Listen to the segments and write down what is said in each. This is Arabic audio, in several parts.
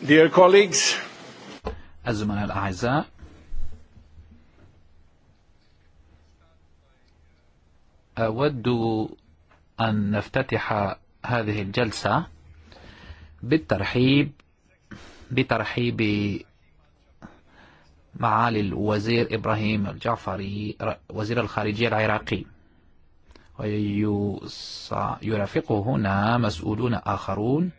Dear colleagues, أود أن نفتتح هذه الجلسة بالترحيب بترحيب معالي الوزير إبراهيم الجعفري وزير الخارجية العراقي ويرافقه هنا مسؤولون آخرون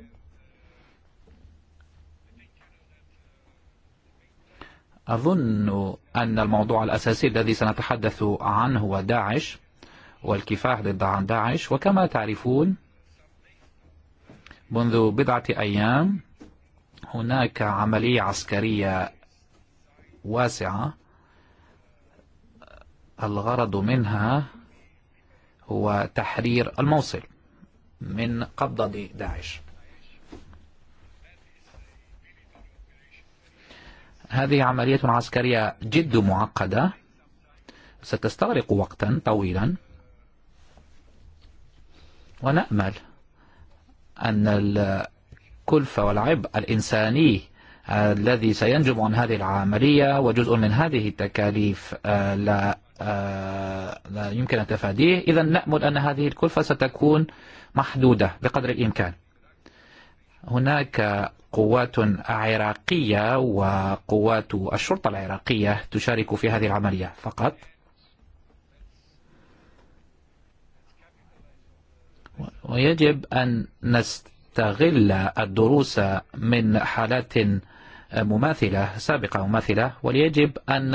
أظن أن الموضوع الأساسي الذي سنتحدث عنه هو داعش والكفاح ضد عن داعش وكما تعرفون منذ بضعة أيام هناك عملية عسكرية واسعة الغرض منها هو تحرير الموصل من قبضة داعش هذه عملية عسكرية جد معقدة ستستغرق وقتا طويلا ونأمل أن الكلفة والعبء الإنساني الذي سينجم عن هذه العملية وجزء من هذه التكاليف لا لا يمكن أن تفاديه إذا نأمل أن هذه الكلفة ستكون محدودة بقدر الإمكان هناك قوات عراقية وقوات الشرطة العراقية تشارك في هذه العملية فقط ويجب أن نستغل الدروس من حالات مماثلة سابقة مماثلة وليجب أن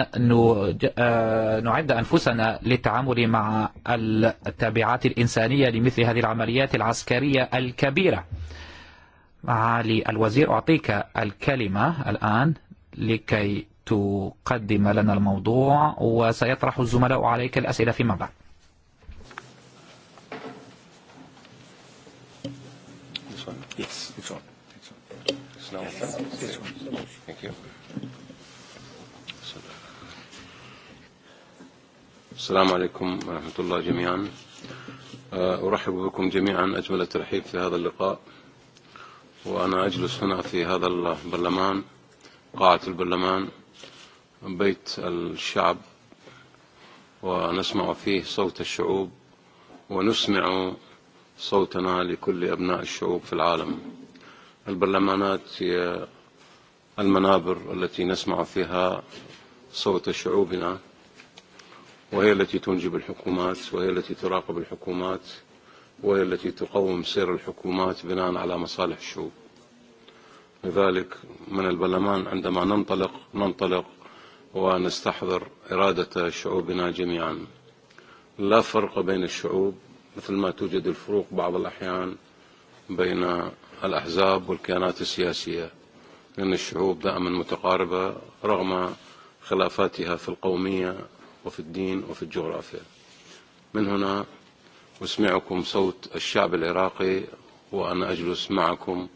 نعد أنفسنا للتعامل مع التابعات الإنسانية لمثل هذه العمليات العسكرية الكبيرة معالي الوزير أعطيك الكلمة الآن لكي تقدم لنا الموضوع وسيطرح الزملاء عليك الأسئلة فيما بعد Yes, it's on. It's on. It's now yes. This one. Thank you. السلام عليكم ورحمة الله جميعا أرحب بكم جميعا أجمل الترحيب في هذا اللقاء وأنا أجلس هنا في هذا البرلمان قاعة البرلمان بيت الشعب ونسمع فيه صوت الشعوب ونسمع صوتنا لكل أبناء الشعوب في العالم البرلمانات هي المنابر التي نسمع فيها صوت شعوبنا وهي التي تنجب الحكومات وهي التي تراقب الحكومات وهي التي تقوم سير الحكومات بناء على مصالح الشعوب لذلك من البرلمان عندما ننطلق ننطلق ونستحضر إرادة شعوبنا جميعا لا فرق بين الشعوب مثل ما توجد الفروق بعض الأحيان بين الأحزاب والكيانات السياسية لأن الشعوب دائما متقاربة رغم خلافاتها في القومية وفي الدين وفي الجغرافيا من هنا أسمعكم صوت الشعب العراقي وأنا أجلس معكم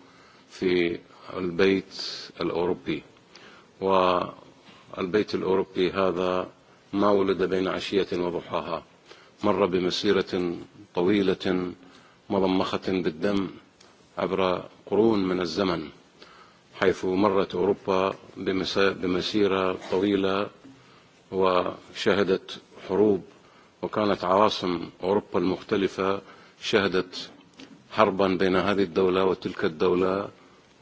في البيت الأوروبي والبيت الأوروبي هذا ما ولد بين عشية وضحاها مر بمسيرة طويلة مضمخة بالدم عبر قرون من الزمن حيث مرت أوروبا بمسيرة طويلة وشهدت حروب وكانت عواصم أوروبا المختلفة شهدت حربا بين هذه الدولة وتلك الدولة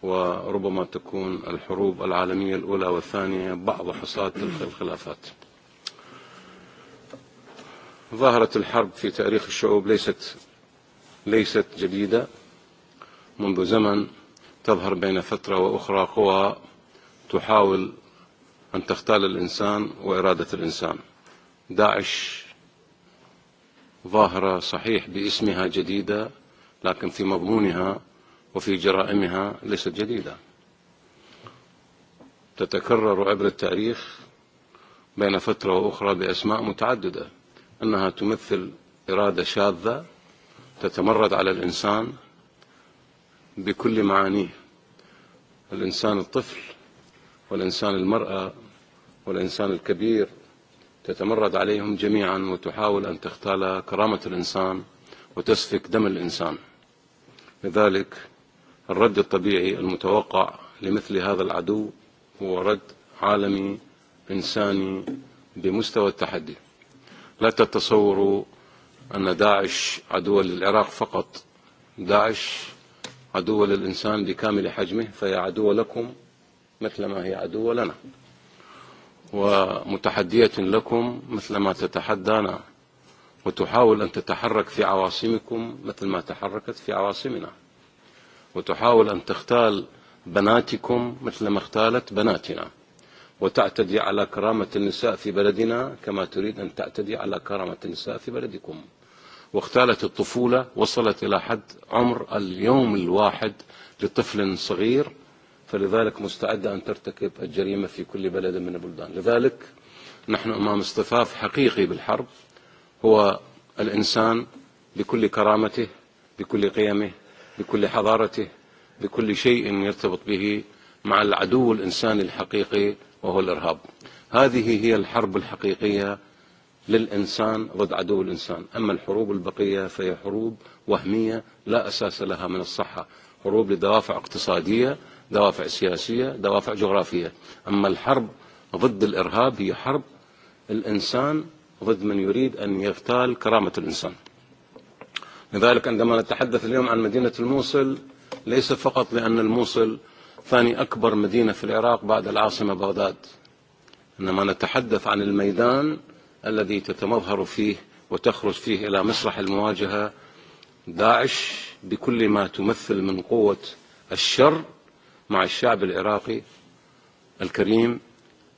وربما تكون الحروب العالمية الأولى والثانية بعض حصات تلك الخلافات ظهرت الحرب في تاريخ الشعوب ليست ليست جديدة منذ زمن تظهر بين فترة وأخرى قوى تحاول أن تختال الإنسان وإرادة الإنسان داعش ظاهرة صحيح باسمها جديدة لكن في مضمونها وفي جرائمها ليست جديدة تتكرر عبر التاريخ بين فترة وأخرى بأسماء متعددة أنها تمثل إرادة شاذة تتمرد على الإنسان بكل معانيه الإنسان الطفل والإنسان المرأة والإنسان الكبير تتمرد عليهم جميعا وتحاول أن تختال كرامة الإنسان وتسفك دم الإنسان لذلك الرد الطبيعي المتوقع لمثل هذا العدو هو رد عالمي إنساني بمستوى التحدي لا تتصوروا أن داعش عدو للعراق فقط داعش عدو للإنسان بكامل حجمه فهي عدو لكم مثل ما هي عدو لنا ومتحدية لكم مثل ما تتحدانا وتحاول أن تتحرك في عواصمكم مثل ما تحركت في عواصمنا وتحاول أن تختال بناتكم مثل ما اختالت بناتنا وتعتدي على كرامة النساء في بلدنا كما تريد أن تعتدي على كرامة النساء في بلدكم واختالت الطفولة وصلت إلى حد عمر اليوم الواحد لطفل صغير فلذلك مستعدة أن ترتكب الجريمة في كل بلد من البلدان لذلك نحن أمام اصطفاف حقيقي بالحرب هو الإنسان بكل كرامته بكل قيمه بكل حضارته بكل شيء يرتبط به مع العدو الإنساني الحقيقي وهو الإرهاب هذه هي الحرب الحقيقية للإنسان ضد عدو الإنسان أما الحروب البقية فهي حروب وهمية لا أساس لها من الصحة حروب لدوافع اقتصادية دوافع سياسية دوافع جغرافية أما الحرب ضد الإرهاب هي حرب الإنسان ضد من يريد أن يغتال كرامة الإنسان لذلك عندما نتحدث اليوم عن مدينة الموصل ليس فقط لأن الموصل ثاني أكبر مدينة في العراق بعد العاصمة بغداد إنما نتحدث عن الميدان الذي تتمظهر فيه وتخرج فيه إلى مسرح المواجهة داعش بكل ما تمثل من قوة الشر مع الشعب العراقي الكريم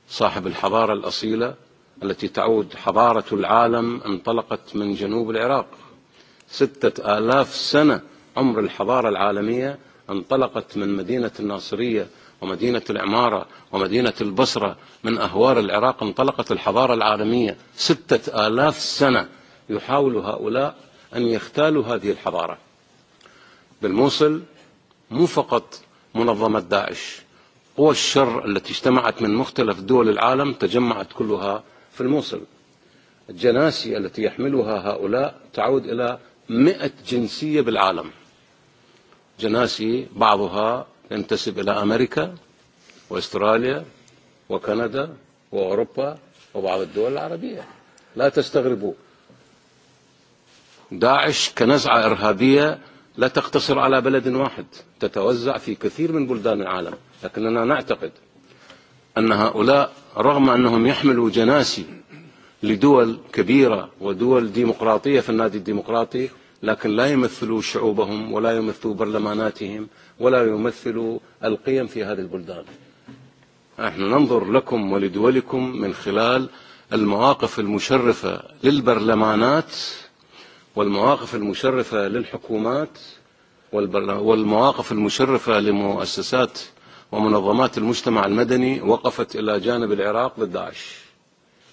صاحب الحضارة الأصيلة التي تعود حضارة العالم انطلقت من جنوب العراق ستة آلاف سنة عمر الحضارة العالمية انطلقت من مدينة الناصرية ومدينة العمارة ومدينة البصرة من أهوار العراق انطلقت الحضارة العالمية ستة آلاف سنة يحاول هؤلاء أن يختالوا هذه الحضارة بالموصل مو فقط منظمة داعش قوى الشر التي اجتمعت من مختلف دول العالم تجمعت كلها في الموصل الجناسي التي يحملها هؤلاء تعود إلى مئة جنسية بالعالم جناسي بعضها ينتسب إلى أمريكا وأستراليا وكندا وأوروبا وبعض الدول العربية لا تستغربوا داعش كنزعة إرهابية لا تقتصر على بلد واحد تتوزع في كثير من بلدان العالم لكننا نعتقد أن هؤلاء رغم أنهم يحملوا جناسي لدول كبيرة ودول ديمقراطية في النادي الديمقراطي لكن لا يمثلوا شعوبهم ولا يمثلوا برلماناتهم ولا يمثلوا القيم في هذه البلدان نحن ننظر لكم ولدولكم من خلال المواقف المشرفة للبرلمانات والمواقف المشرفة للحكومات والمواقف المشرفة لمؤسسات ومنظمات المجتمع المدني وقفت إلى جانب العراق ضد داعش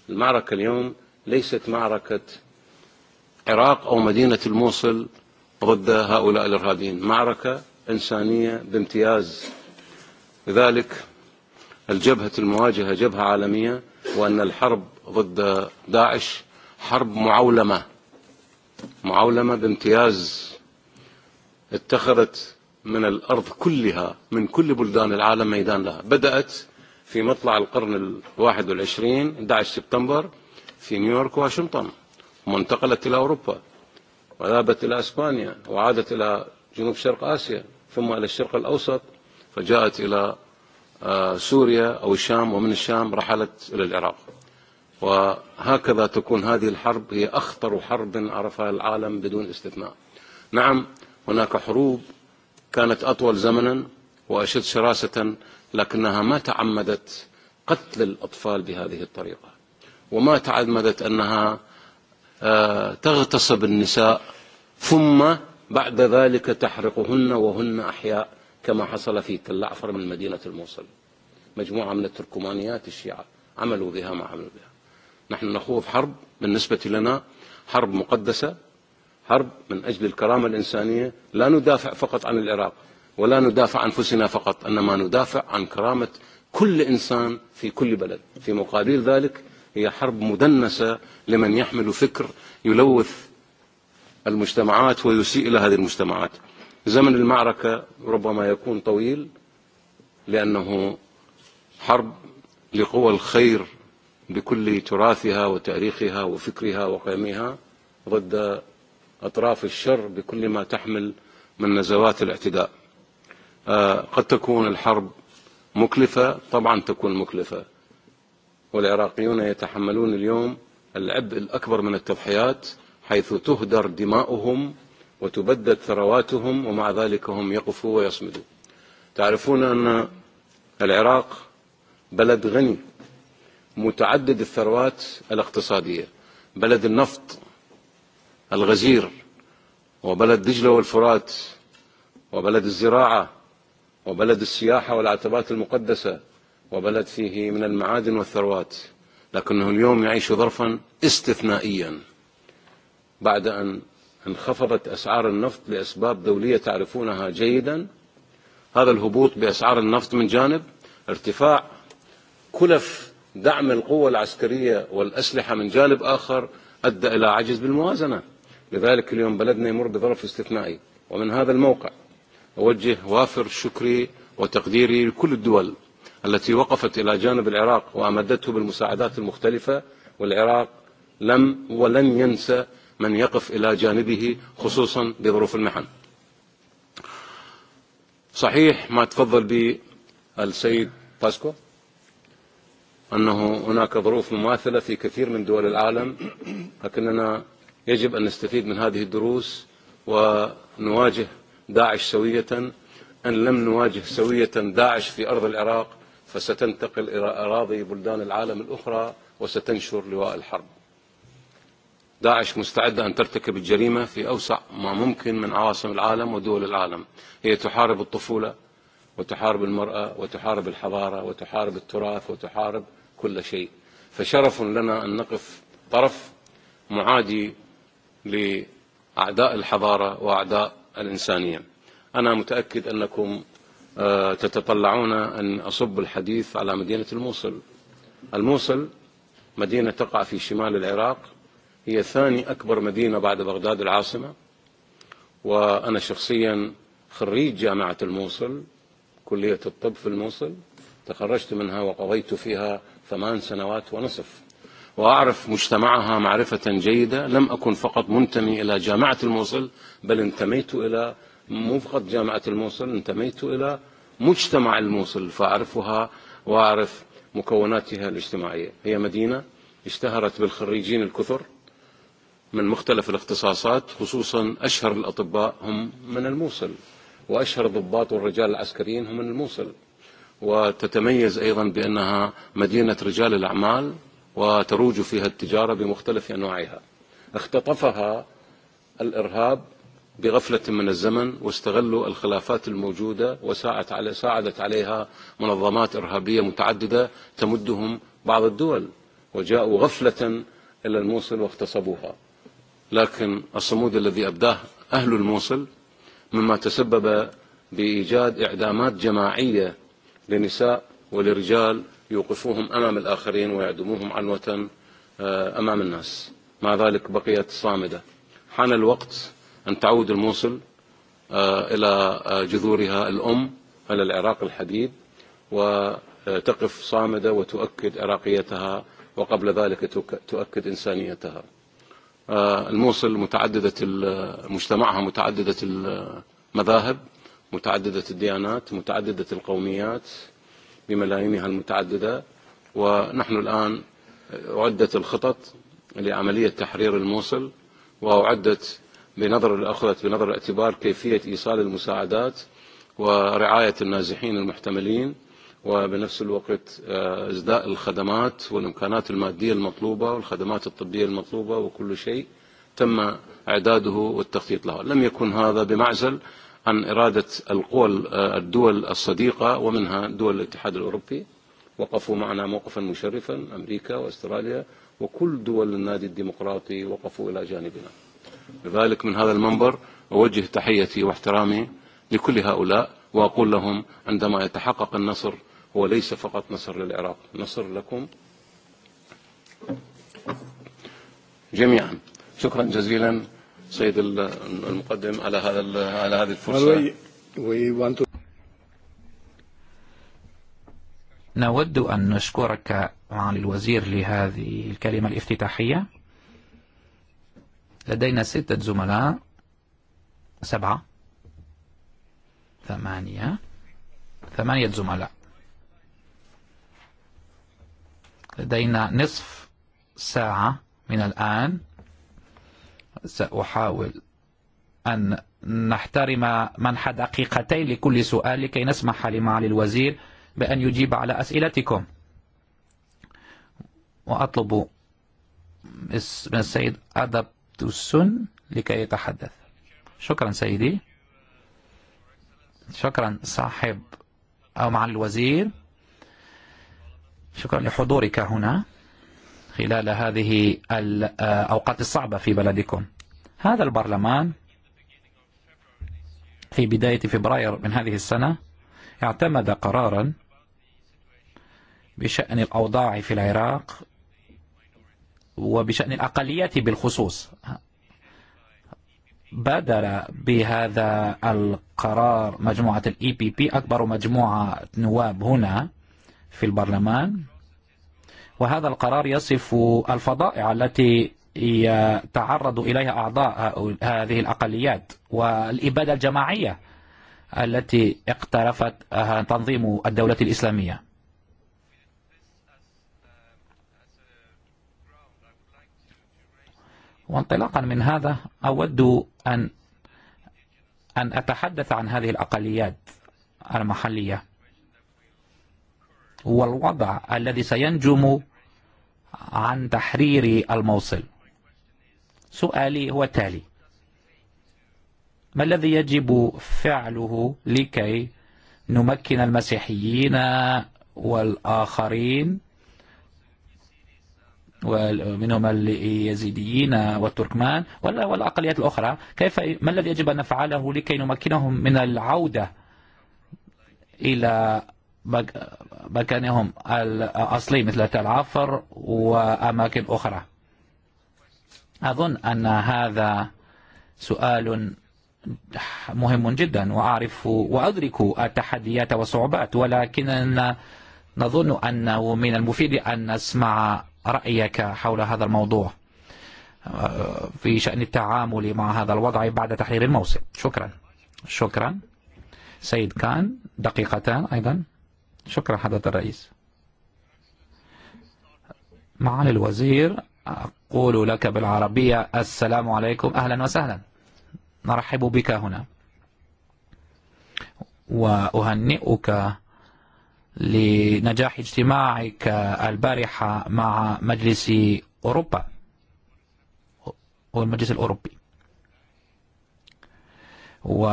المعركة اليوم ليست معركة عراق أو مدينة الموصل ضد هؤلاء الإرهابيين معركة إنسانية بامتياز لذلك الجبهة المواجهة جبهة عالمية وأن الحرب ضد داعش حرب معولمة معولمة بامتياز اتخذت من الأرض كلها من كل بلدان العالم ميدان لها بدأت في مطلع القرن الواحد والعشرين 11 سبتمبر في نيويورك واشنطن ثم إلى أوروبا وذهبت إلى أسبانيا وعادت إلى جنوب شرق آسيا ثم إلى الشرق الأوسط فجاءت إلى سوريا أو الشام ومن الشام رحلت إلى العراق وهكذا تكون هذه الحرب هي أخطر حرب عرفها العالم بدون استثناء نعم هناك حروب كانت أطول زمنا وأشد شراسة لكنها ما تعمدت قتل الأطفال بهذه الطريقة وما تعمدت أنها تغتصب النساء ثم بعد ذلك تحرقهن وهن أحياء كما حصل في تل من مدينة الموصل مجموعة من التركمانيات الشيعة عملوا بها ما عملوا بها نحن نخوض حرب بالنسبة لنا حرب مقدسة حرب من أجل الكرامة الإنسانية لا ندافع فقط عن العراق ولا ندافع عن أنفسنا فقط إنما ندافع عن كرامة كل إنسان في كل بلد في مقابل ذلك هي حرب مدنسة لمن يحمل فكر يلوث المجتمعات ويسيء إلى هذه المجتمعات زمن المعركة ربما يكون طويل لأنه حرب لقوى الخير بكل تراثها وتاريخها وفكرها وقيمها ضد أطراف الشر بكل ما تحمل من نزوات الاعتداء قد تكون الحرب مكلفة طبعا تكون مكلفة والعراقيون يتحملون اليوم العبء الأكبر من التضحيات حيث تهدر دماؤهم وتبدد ثرواتهم ومع ذلك هم يقفوا ويصمدوا تعرفون أن العراق بلد غني متعدد الثروات الاقتصادية بلد النفط الغزير وبلد دجلة والفرات وبلد الزراعة وبلد السياحة والعتبات المقدسة وبلد فيه من المعادن والثروات لكنه اليوم يعيش ظرفا استثنائيا بعد أن انخفضت أسعار النفط لأسباب دولية تعرفونها جيدا هذا الهبوط بأسعار النفط من جانب ارتفاع كلف دعم القوة العسكرية والأسلحة من جانب آخر أدى إلى عجز بالموازنة لذلك اليوم بلدنا يمر بظرف استثنائي ومن هذا الموقع أوجه وافر شكري وتقديري لكل الدول التي وقفت إلى جانب العراق وأمدته بالمساعدات المختلفة والعراق لم ولن ينسى من يقف إلى جانبه خصوصا بظروف المحن صحيح ما تفضل به السيد باسكو أنه هناك ظروف مماثلة في كثير من دول العالم لكننا يجب أن نستفيد من هذه الدروس ونواجه داعش سوية أن لم نواجه سوية داعش في أرض العراق فستنتقل إلى أراضي بلدان العالم الأخرى وستنشر لواء الحرب داعش مستعدة أن ترتكب الجريمة في أوسع ما ممكن من عواصم العالم ودول العالم هي تحارب الطفولة وتحارب المرأة وتحارب الحضارة وتحارب التراث وتحارب كل شيء فشرف لنا أن نقف طرف معادي لأعداء الحضارة وأعداء الإنسانية أنا متأكد أنكم تتطلعون أن أصب الحديث على مدينة الموصل الموصل مدينة تقع في شمال العراق هي ثاني أكبر مدينة بعد بغداد العاصمة وأنا شخصيا خريج جامعة الموصل كلية الطب في الموصل تخرجت منها وقضيت فيها ثمان سنوات ونصف وأعرف مجتمعها معرفة جيدة لم أكن فقط منتمي إلى جامعة الموصل بل انتميت إلى مو فقط جامعة الموصل انتميت إلى مجتمع الموصل فأعرفها وأعرف مكوناتها الاجتماعية هي مدينة اشتهرت بالخريجين الكثر من مختلف الاختصاصات خصوصا أشهر الأطباء هم من الموصل وأشهر الضباط والرجال العسكريين هم من الموصل وتتميز أيضا بأنها مدينة رجال الأعمال وتروج فيها التجارة بمختلف أنواعها اختطفها الإرهاب بغفلة من الزمن واستغلوا الخلافات الموجودة وساعدت علي ساعدت عليها منظمات إرهابية متعددة تمدهم بعض الدول وجاءوا غفلة إلى الموصل واغتصبوها لكن الصمود الذي أبداه أهل الموصل مما تسبب بإيجاد إعدامات جماعية لنساء ولرجال يوقفوهم أمام الآخرين ويعدموهم عنوة أمام الناس مع ذلك بقيت صامدة حان الوقت أن تعود الموصل إلى جذورها الأم على العراق الحديد وتقف صامدة وتؤكد عراقيتها وقبل ذلك تؤكد إنسانيتها الموصل متعددة مجتمعها متعددة المذاهب متعددة الديانات متعددة القوميات بملايينها المتعددة ونحن الآن أعدت الخطط لعملية تحرير الموصل وأعدت بنظر أخذت بنظر الاعتبار كيفية إيصال المساعدات ورعاية النازحين المحتملين وبنفس الوقت ازداء الخدمات والامكانات المادية المطلوبة والخدمات الطبية المطلوبة وكل شيء تم اعداده والتخطيط له لم يكن هذا بمعزل عن إرادة القول الدول الصديقة ومنها دول الاتحاد الأوروبي وقفوا معنا موقفا مشرفا أمريكا وأستراليا وكل دول النادي الديمقراطي وقفوا إلى جانبنا لذلك من هذا المنبر أوجه تحيتي واحترامي لكل هؤلاء وأقول لهم عندما يتحقق النصر هو ليس فقط نصر للعراق نصر لكم جميعا شكرا جزيلا سيد المقدم على هذا على هذه الفرصه نود ان نشكرك معالي الوزير لهذه الكلمة الافتتاحية لدينا ستة زملاء سبعة ثمانية ثمانية زملاء لدينا نصف ساعة من الآن سأحاول أن نحترم منح دقيقتين لكل سؤال لكي نسمح لمعالي الوزير بأن يجيب على أسئلتكم وأطلب من السيد أدب السن لكي يتحدث شكرا سيدي شكرا صاحب أو مع الوزير شكرا لحضورك هنا خلال هذه الأوقات الصعبة في بلدكم هذا البرلمان في بداية فبراير من هذه السنة اعتمد قرارا بشأن الأوضاع في العراق وبشأن الأقليات بالخصوص بادر بهذا القرار مجموعة الإي بي e بي أكبر مجموعة نواب هنا في البرلمان وهذا القرار يصف الفضائع التي يتعرض إليها أعضاء هذه الأقليات والإبادة الجماعية التي اقترفت تنظيم الدولة الإسلامية وانطلاقا من هذا أود أن أن أتحدث عن هذه الأقليات المحلية والوضع الذي سينجم عن تحرير الموصل سؤالي هو التالي ما الذي يجب فعله لكي نمكن المسيحيين والآخرين ومنهم اليزيديين والتركمان والأقليات الأخرى كيف ما الذي يجب أن نفعله لكي نمكنهم من العودة إلى مكانهم الأصلي مثل تل عفر وأماكن أخرى أظن أن هذا سؤال مهم جدا وأعرف وأدرك التحديات والصعوبات ولكن نظن أنه من المفيد أن نسمع رأيك حول هذا الموضوع في شأن التعامل مع هذا الوضع بعد تحرير الموسم شكرا شكرا سيد كان دقيقتان أيضا شكرا حضرة الرئيس معالي الوزير أقول لك بالعربية السلام عليكم أهلا وسهلا نرحب بك هنا وأهنئك لنجاح اجتماعك البارحة مع مجلس أوروبا والمجلس الأوروبي و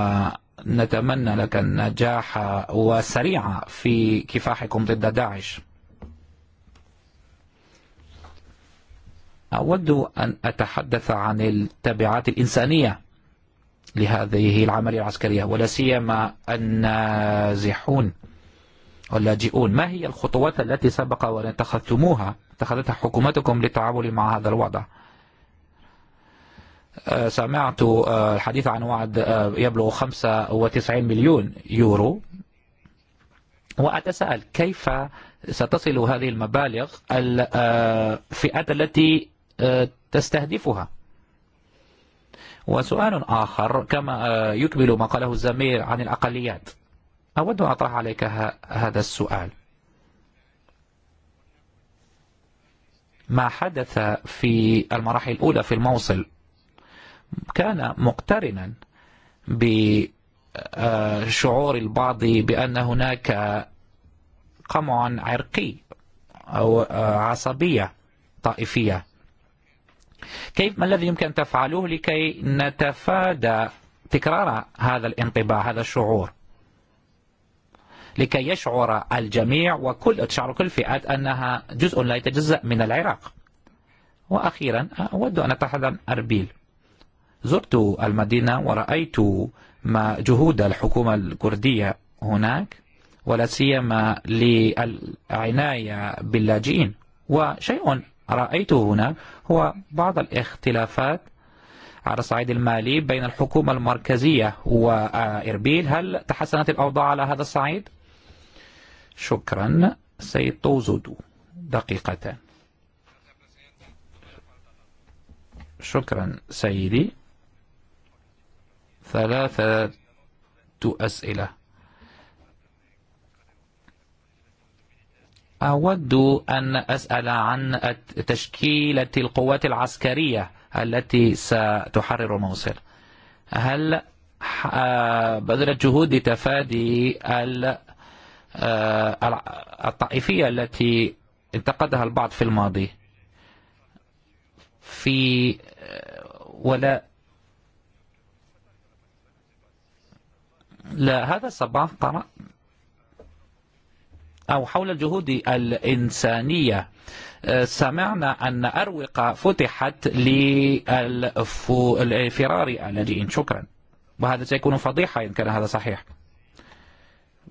نتمنى لك النجاح وسريعة في كفاحكم ضد داعش أود أن أتحدث عن التبعات الإنسانية لهذه العملية العسكرية ولا سيما النازحون واللاجئون ما هي الخطوات التي سبق وأن اتخذتموها اتخذتها حكومتكم للتعامل مع هذا الوضع؟ سمعت الحديث عن وعد يبلغ 95 مليون يورو وأتساءل كيف ستصل هذه المبالغ الفئات التي تستهدفها وسؤال آخر كما يكمل ما قاله الزمير عن الأقليات أود أن أطرح عليك هذا السؤال ما حدث في المراحل الأولى في الموصل كان مقترنا بشعور البعض بأن هناك قمع عرقي أو عصبية طائفية كيف ما الذي يمكن تفعله لكي نتفادى تكرار هذا الانطباع هذا الشعور لكي يشعر الجميع وكل تشعر كل فئات أنها جزء لا يتجزأ من العراق وأخيرا أود أن أتحدث عن أربيل زرت المدينة ورأيت ما جهود الحكومة الكردية هناك ولا سيما للعناية باللاجئين وشيء رأيته هناك هو بعض الاختلافات على الصعيد المالي بين الحكومة المركزية وإربيل هل تحسنت الأوضاع على هذا الصعيد؟ شكرا سيد طوزدو دقيقتان شكرا سيدي ثلاثة أسئلة أود أن أسأل عن تشكيلة القوات العسكرية التي ستحرر موصل هل بذلت جهود تفادي الطائفية التي انتقدها البعض في الماضي في ولا لا هذا الصباح قرأ أو حول الجهود الإنسانية سمعنا أن أروقة فتحت للفرار اللاجئين شكرا وهذا سيكون فضيحة إن كان هذا صحيح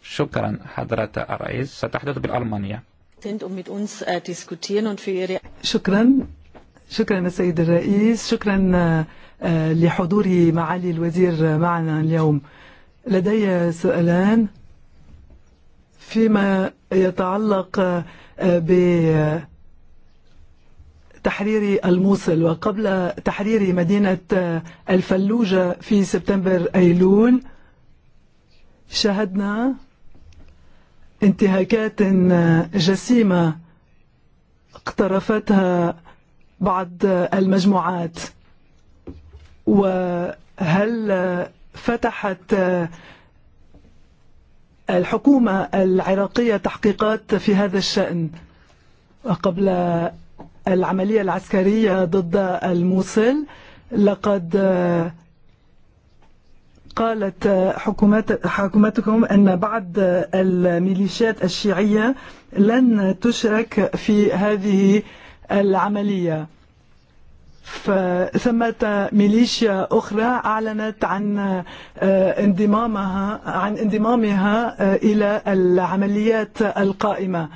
شكرا حضرة الرئيس ستحدث بالألمانية äh, شكرا شكرا السيد الرئيس شكرا لحضور معالي الوزير معنا اليوم لدي سؤالان فيما يتعلق ب تحرير الموصل وقبل تحرير مدينة الفلوجة في سبتمبر أيلول شهدنا انتهاكات جسيمة اقترفتها بعض المجموعات وهل فتحت الحكومة العراقية تحقيقات في هذا الشأن قبل العملية العسكرية ضد الموصل لقد قالت حكومات حكومتكم أن بعض الميليشيات الشيعية لن تشرك في هذه العملية فثمت ميليشيا أخرى أعلنت عن انضمامها عن انضمامها إلى العمليات القائمة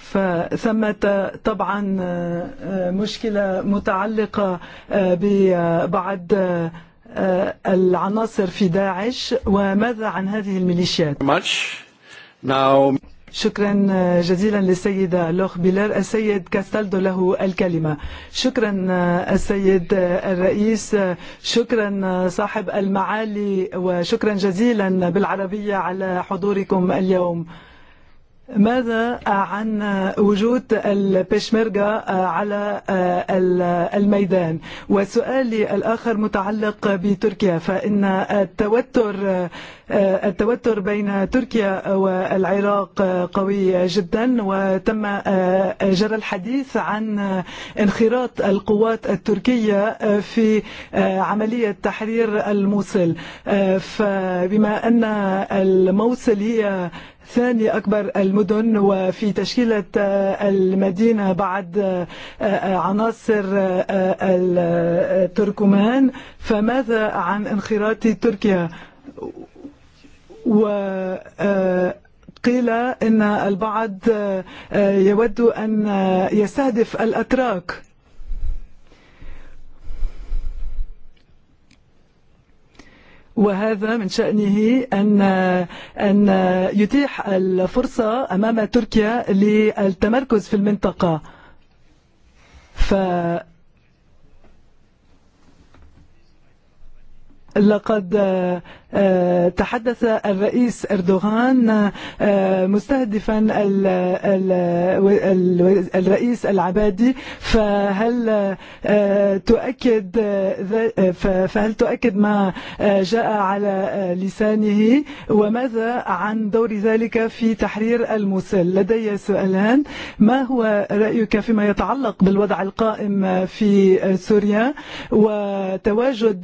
فثمة طبعا مشكلة متعلقة ببعض العناصر في داعش وماذا عن هذه الميليشيات؟ Now... شكرا جزيلا للسيدة لوخ بيلر السيد كاستالدو له الكلمة شكرا السيد الرئيس شكرا صاحب المعالي وشكرا جزيلا بالعربية على حضوركم اليوم ماذا عن وجود البشمرجة على الميدان وسؤالي الآخر متعلق بتركيا فإن التوتر التوتر بين تركيا والعراق قوي جدا وتم جرى الحديث عن انخراط القوات التركية في عملية تحرير الموصل فبما أن الموصل هي ثاني أكبر المدن وفي تشكيلة المدينة بعد عناصر التركمان فماذا عن انخراط تركيا و قيل أن البعض يود أن يستهدف الأتراك وهذا من شأنه أن أن يتيح الفرصة أمام تركيا للتمركز في المنطقة ف لقد تحدث الرئيس اردوغان مستهدفا الرئيس العبادي فهل تؤكد فهل تؤكد ما جاء على لسانه وماذا عن دور ذلك في تحرير الموصل لدي سؤالان ما هو رأيك فيما يتعلق بالوضع القائم في سوريا وتواجد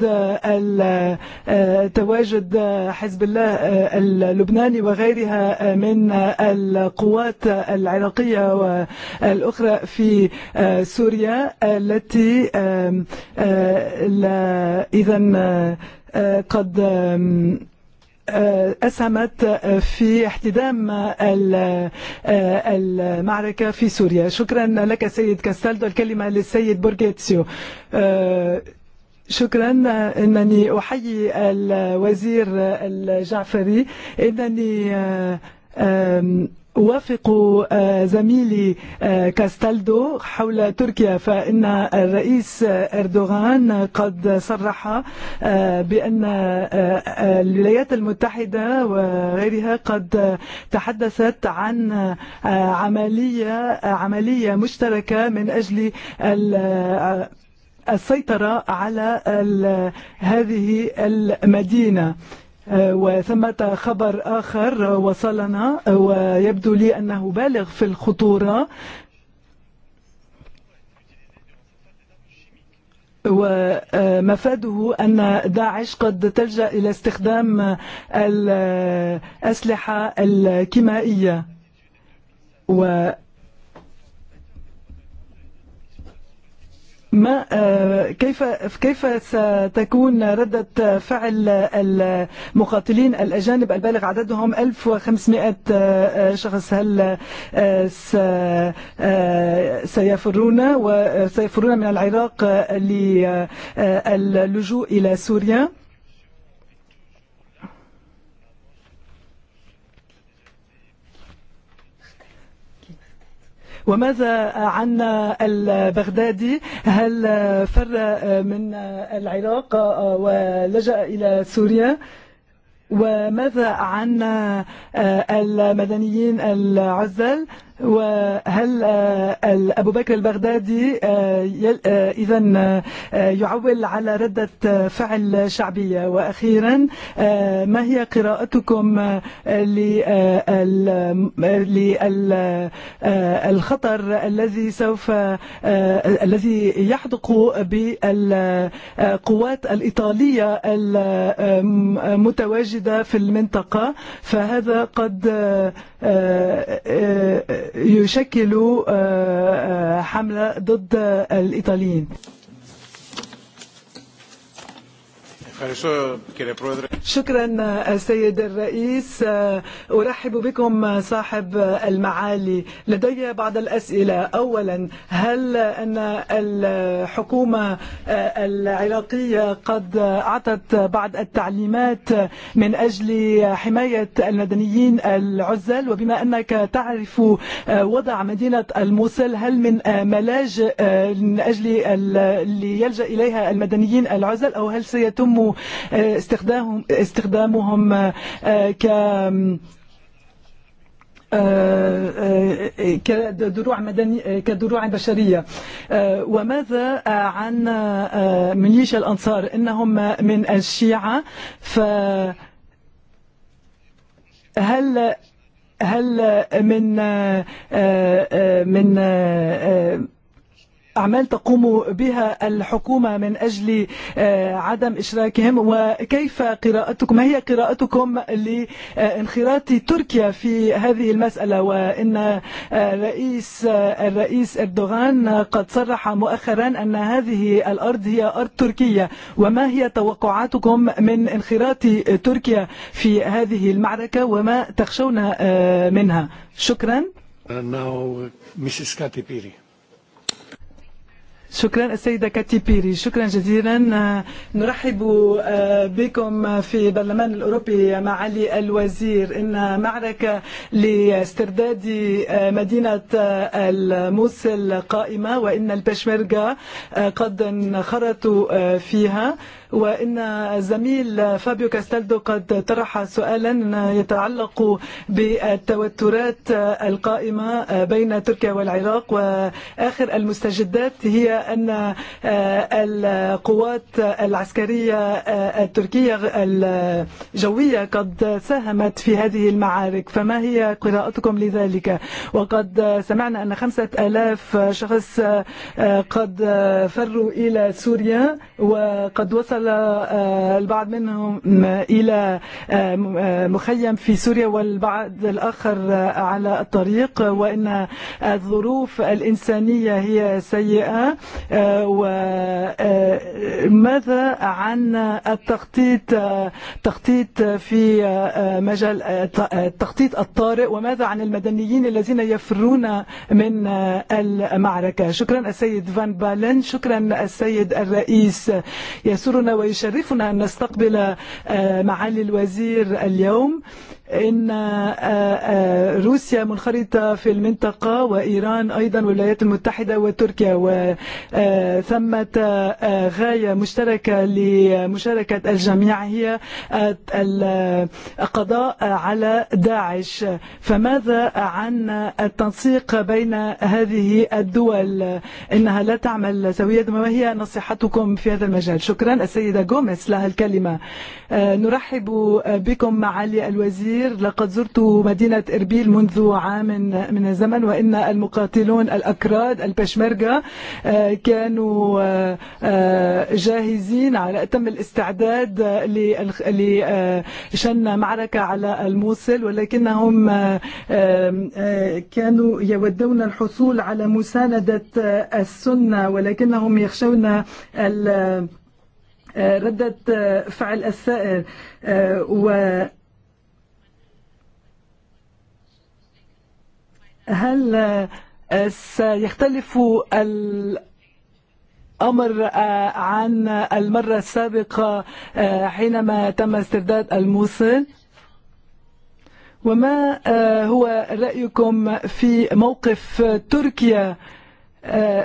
التواجد يجد حزب الله اللبناني وغيرها من القوات العراقية والأخرى في سوريا التي إذا قد أسهمت في احتدام المعركة في سوريا شكرا لك سيد كاستالدو الكلمة للسيد بورغيتسيو شكرا انني احيي الوزير الجعفري انني أوافق زميلي كاستالدو حول تركيا فإن الرئيس أردوغان قد صرح بأن الولايات المتحدة وغيرها قد تحدثت عن عملية عملية مشتركة من أجل السيطرة على هذه المدينة وثمة خبر آخر وصلنا ويبدو لي أنه بالغ في الخطورة ومفاده أن داعش قد تلجأ إلى استخدام الأسلحة الكيمائية و ما كيف كيف ستكون ردة فعل المقاتلين الأجانب البالغ عددهم 1500 شخص هل سيفرون وسيفرون من العراق للجوء إلى سوريا؟ وماذا عن البغدادي هل فر من العراق ولجأ إلى سوريا؟ وماذا عن المدنيين العزل وهل أبو بكر البغدادي إذا يعول على ردة فعل شعبية وأخيرا ما هي قراءتكم للخطر الذي سوف الذي يحدق بالقوات الإيطالية المتواجدة في المنطقة فهذا قد يشكل حملة ضد الإيطاليين شكرا السيد الرئيس أرحب بكم صاحب المعالي لدي بعض الأسئلة أولا هل أن الحكومة العراقية قد أعطت بعض التعليمات من أجل حماية المدنيين العزل وبما أنك تعرف وضع مدينة الموصل هل من ملاجئ من أجل اللي يلجأ إليها المدنيين العزل أو هل سيتم استخدامهم, استخدامهم ك كدروع مدني كدروع بشرية وماذا عن منيش الأنصار إنهم من الشيعة فهل هل من من أعمال تقوم بها الحكومة من أجل عدم إشراكهم وكيف قراءتكم ما هي قراءتكم لانخراط تركيا في هذه المسألة وإن رئيس الرئيس أردوغان قد صرح مؤخرا أن هذه الأرض هي أرض تركية وما هي توقعاتكم من انخراط تركيا في هذه المعركة وما تخشون منها شكرا And now, Mrs. Katipiri. شكرا السيدة كاتي بيري شكرا جزيلا نرحب بكم في البرلمان الأوروبي مع علي الوزير إن معركة لاسترداد مدينة الموصل قائمة وإن البشمركة قد انخرطوا فيها وإن زميل فابيو كاستالدو قد طرح سؤالا يتعلق بالتوترات القائمة بين تركيا والعراق وآخر المستجدات هي أن القوات العسكرية التركية الجوية قد ساهمت في هذه المعارك فما هي قراءتكم لذلك وقد سمعنا أن خمسة ألاف شخص قد فروا إلى سوريا وقد وصل البعض منهم إلى مخيم في سوريا والبعض الآخر على الطريق وإن الظروف الإنسانية هي سيئة وماذا عن التخطيط تخطيط في مجال التخطيط الطارئ وماذا عن المدنيين الذين يفرون من المعركة شكرا السيد فان بالن شكرا السيد الرئيس يسرنا ويشرفنا أن نستقبل معالي الوزير اليوم إن روسيا منخرطة في المنطقة وإيران أيضا والولايات المتحدة وتركيا وثمة غاية مشتركة لمشاركة الجميع هي القضاء على داعش فماذا عن التنسيق بين هذه الدول إنها لا تعمل سوية ما هي نصيحتكم في هذا المجال شكرا السيدة جوميس لها الكلمة نرحب بكم معالي الوزير الكبير لقد زرت مدينة إربيل منذ عام من الزمن وإن المقاتلون الأكراد البشمركة كانوا جاهزين على تم الاستعداد لشن معركة على الموصل ولكنهم كانوا يودون الحصول على مساندة السنة ولكنهم يخشون ردة فعل السائر و هل سيختلف الأمر عن المرة السابقة حينما تم استرداد الموصل وما هو رأيكم في موقف تركيا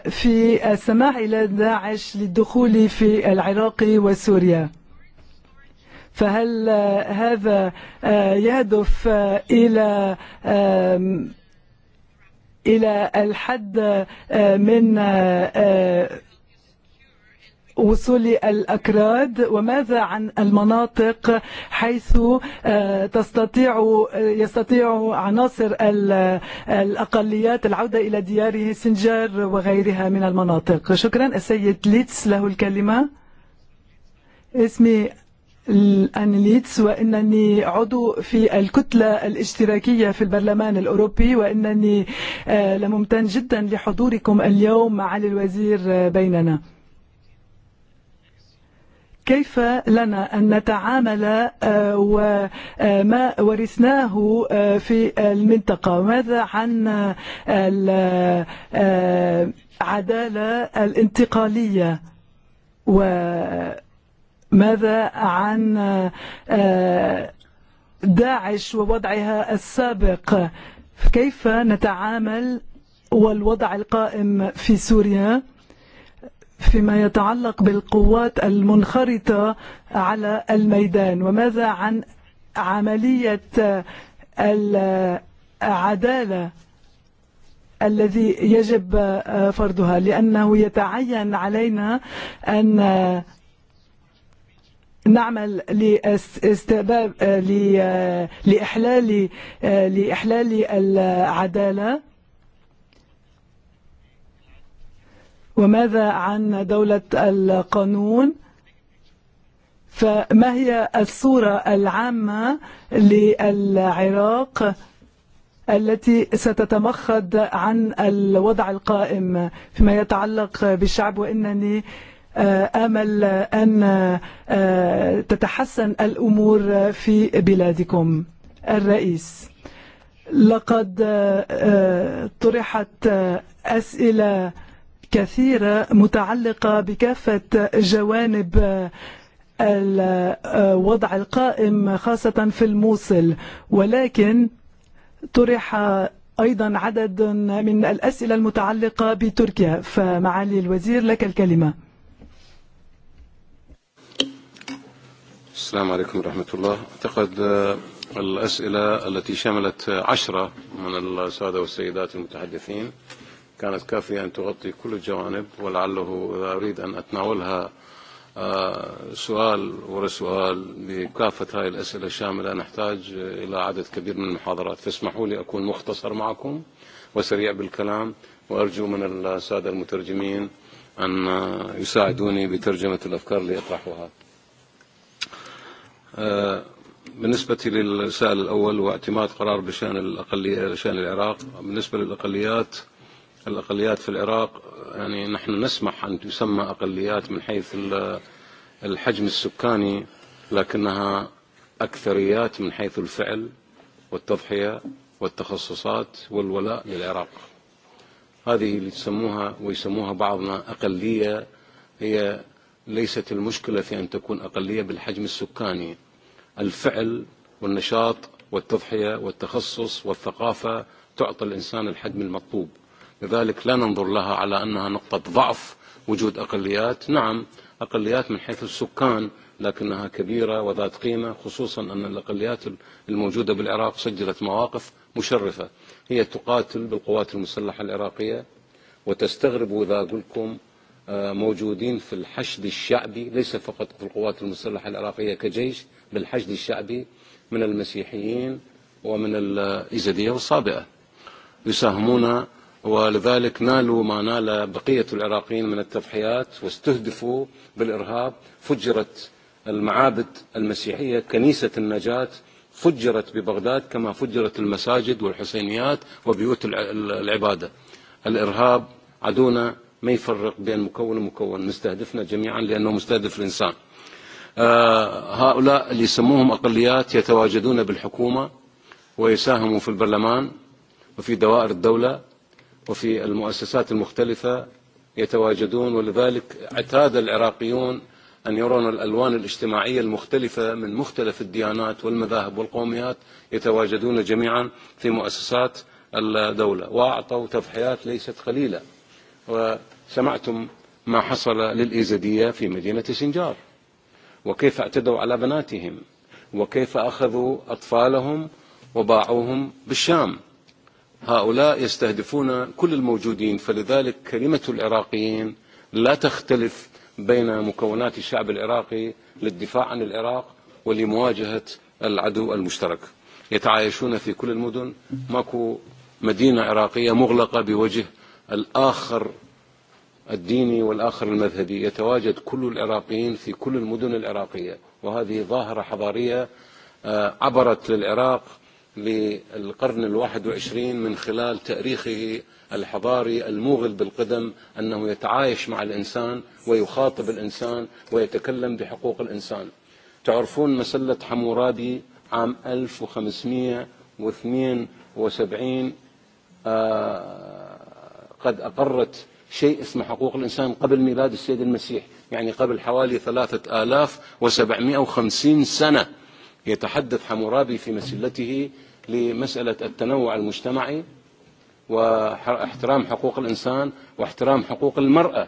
في السماح إلى داعش للدخول في العراق وسوريا فهل هذا يهدف إلى إلى الحد من وصول الأكراد وماذا عن المناطق حيث تستطيع يستطيع عناصر الأقليات العودة إلى دياره سنجار وغيرها من المناطق شكرا السيد ليتس له الكلمة اسمي الأنليتس وأنني عضو في الكتلة الاشتراكية في البرلمان الأوروبي وأنني لممتن جدا لحضوركم اليوم معالي الوزير بيننا كيف لنا أن نتعامل وما ورثناه في المنطقة ماذا عن العدالة الانتقالية و ماذا عن داعش ووضعها السابق كيف نتعامل والوضع القائم في سوريا فيما يتعلق بالقوات المنخرطة على الميدان وماذا عن عملية العدالة الذي يجب فرضها لأنه يتعين علينا أن نعمل لاستباب لاحلال لاحلال العداله وماذا عن دولة القانون فما هي الصورة العامة للعراق التي ستتمخض عن الوضع القائم فيما يتعلق بالشعب وإنني آمل أن تتحسن الأمور في بلادكم الرئيس لقد طرحت أسئلة كثيرة متعلقة بكافة جوانب الوضع القائم خاصة في الموصل ولكن طرح أيضا عدد من الأسئلة المتعلقة بتركيا فمعالي الوزير لك الكلمة السلام عليكم ورحمة الله أعتقد الأسئلة التي شملت عشرة من السادة والسيدات المتحدثين كانت كافية أن تغطي كل الجوانب ولعله إذا أريد أن أتناولها سؤال ورا سؤال لكافة هذه الأسئلة الشاملة نحتاج إلى عدد كبير من المحاضرات فاسمحوا لي أكون مختصر معكم وسريع بالكلام وأرجو من السادة المترجمين أن يساعدوني بترجمة الأفكار اللي أطرحها بالنسبة للسؤال الأول واعتماد قرار بشأن الأقلية بشأن العراق بالنسبة للأقليات الأقليات في العراق يعني نحن نسمح أن تسمى أقليات من حيث الحجم السكاني لكنها أكثريات من حيث الفعل والتضحية والتخصصات والولاء للعراق هذه اللي تسموها ويسموها بعضنا أقلية هي ليست المشكلة في أن تكون أقلية بالحجم السكاني الفعل والنشاط والتضحية والتخصص والثقافة تعطي الإنسان الحجم المطلوب لذلك لا ننظر لها على أنها نقطة ضعف وجود أقليات نعم أقليات من حيث السكان لكنها كبيرة وذات قيمة خصوصا أن الأقليات الموجودة بالعراق سجلت مواقف مشرفة هي تقاتل بالقوات المسلحة العراقية وتستغرب إذا أقولكم موجودين في الحشد الشعبي ليس فقط في القوات المسلحة العراقية كجيش بالحشد الشعبي من المسيحيين ومن الإزدية والصابئة يساهمون ولذلك نالوا ما نال بقية العراقيين من التضحيات واستهدفوا بالإرهاب فجرت المعابد المسيحية كنيسة النجاة فجرت ببغداد كما فجرت المساجد والحسينيات وبيوت العبادة الإرهاب عدونا ما يفرق بين مكون ومكون مستهدفنا جميعا لأنه مستهدف الإنسان هؤلاء اللي يسموهم أقليات يتواجدون بالحكومة ويساهموا في البرلمان وفي دوائر الدولة وفي المؤسسات المختلفة يتواجدون ولذلك اعتاد العراقيون أن يرون الألوان الاجتماعية المختلفة من مختلف الديانات والمذاهب والقوميات يتواجدون جميعا في مؤسسات الدولة وأعطوا تضحيات ليست قليلة وسمعتم ما حصل للإيزدية في مدينة سنجار وكيف اعتدوا على بناتهم وكيف أخذوا أطفالهم وباعوهم بالشام هؤلاء يستهدفون كل الموجودين فلذلك كلمة العراقيين لا تختلف بين مكونات الشعب العراقي للدفاع عن العراق ولمواجهة العدو المشترك يتعايشون في كل المدن ماكو مدينة عراقية مغلقة بوجه الآخر الديني والآخر المذهبي يتواجد كل العراقيين في كل المدن العراقية وهذه ظاهرة حضارية عبرت للعراق للقرن الواحد وعشرين من خلال تأريخه الحضاري الموغل بالقدم أنه يتعايش مع الإنسان ويخاطب الإنسان ويتكلم بحقوق الإنسان تعرفون مسلة حمورابي عام 1572 قد أقرت شيء اسمه حقوق الإنسان قبل ميلاد السيد المسيح يعني قبل حوالي 3750 سنة يتحدث حمورابي في مسلته لمسألة التنوع المجتمعي واحترام حقوق الإنسان واحترام حقوق المرأة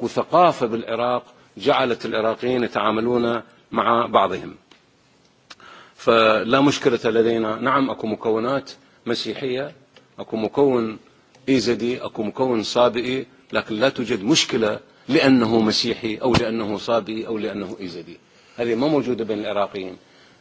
وثقافة بالعراق جعلت العراقيين يتعاملون مع بعضهم فلا مشكلة لدينا نعم أكو مكونات مسيحية أكو مكون إيزدي أكو كون صابئي لكن لا توجد مشكلة لأنه مسيحي أو لأنه صابئي أو لأنه إيزدي هذه ما موجودة بين العراقيين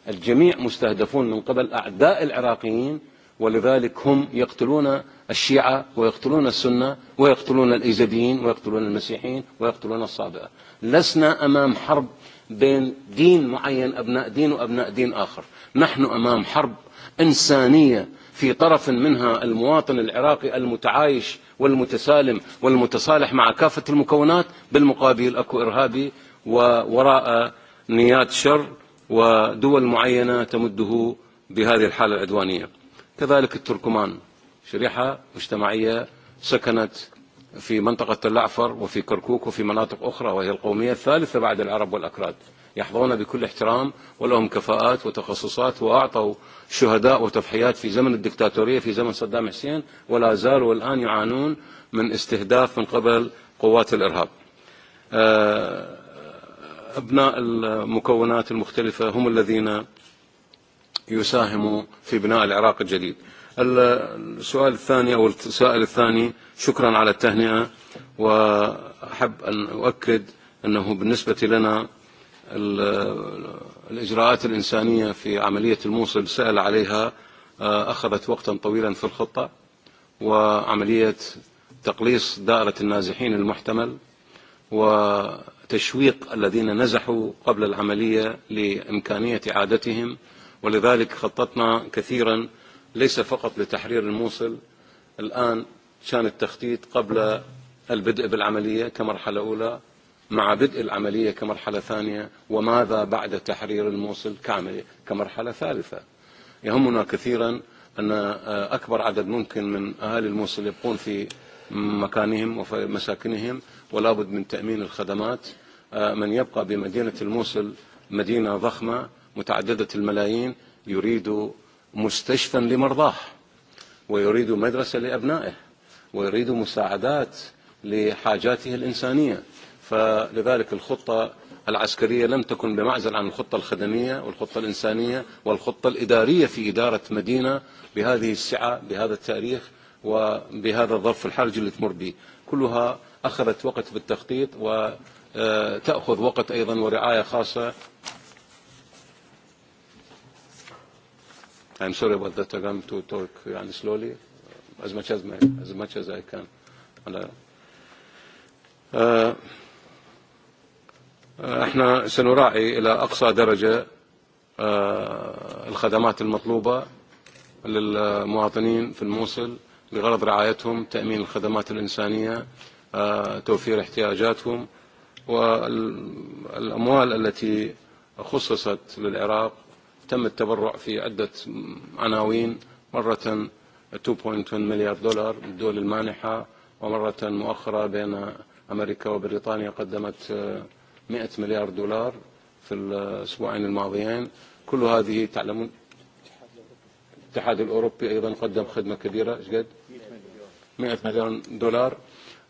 الجميع مستهدفون من قبل أعداء العراقيين ولذلك هم يقتلون الشيعة ويقتلون السنة ويقتلون الإيزديين ويقتلون المسيحيين ويقتلون الصابئة لسنا أمام حرب بين دين معين أبناء دين وأبناء دين آخر نحن أمام حرب إنسانية في طرف منها المواطن العراقي المتعايش والمتسالم والمتصالح مع كافة المكونات بالمقابل أكو إرهابي ووراء نيات شر ودول معينة تمده بهذه الحالة العدوانية كذلك التركمان شريحة مجتمعية سكنت في منطقة الأعفر وفي كركوك وفي مناطق أخرى وهي القومية الثالثة بعد العرب والأكراد يحظون بكل احترام ولهم كفاءات وتخصصات وأعطوا شهداء وتضحيات في زمن الدكتاتورية في زمن صدام حسين ولا زالوا الآن يعانون من استهداف من قبل قوات الإرهاب أبناء المكونات المختلفة هم الذين يساهموا في بناء العراق الجديد السؤال الثاني أو السائل الثاني شكرا على التهنئة وأحب أن أؤكد أنه بالنسبة لنا الإجراءات الإنسانية في عملية الموصل سأل عليها أخذت وقتا طويلا في الخطة وعملية تقليص دائرة النازحين المحتمل وتشويق الذين نزحوا قبل العملية لإمكانية إعادتهم ولذلك خططنا كثيرا ليس فقط لتحرير الموصل الآن كان التخطيط قبل البدء بالعملية كمرحلة أولى مع بدء العملية كمرحلة ثانية وماذا بعد تحرير الموصل كعملية كمرحلة ثالثة يهمنا كثيرا أن أكبر عدد ممكن من أهالي الموصل يبقون في مكانهم وفي مساكنهم ولا بد من تأمين الخدمات من يبقى بمدينة الموصل مدينة ضخمة متعددة الملايين يريد مستشفى لمرضاه ويريد مدرسة لأبنائه ويريد مساعدات لحاجاته الإنسانية فلذلك الخطة العسكرية لم تكن بمعزل عن الخطة الخدمية والخطة الإنسانية والخطة الإدارية في إدارة مدينة بهذه السعة بهذا التاريخ وبهذا الظرف الحرج اللي تمر به كلها أخذت وقت بالتخطيط وتأخذ وقت أيضا ورعاية خاصة I'm sorry about that. I'm to talk يعني slowly as much as, my, as much as I can. And, uh, احنا سنراعي الى اقصى درجة الخدمات المطلوبة للمواطنين في الموصل بغرض رعايتهم تأمين الخدمات الإنسانية توفير احتياجاتهم والأموال التي خصصت للعراق تم التبرع في عدة عناوين مرة 2.1 مليار دولار الدول المانحة ومرة مؤخرة بين أمريكا وبريطانيا قدمت 100 مليار دولار في الأسبوعين الماضيين كل هذه تعلمون الاتحاد الأوروبي أيضا قدم خدمة كبيرة ايش قد 100 مليون دولار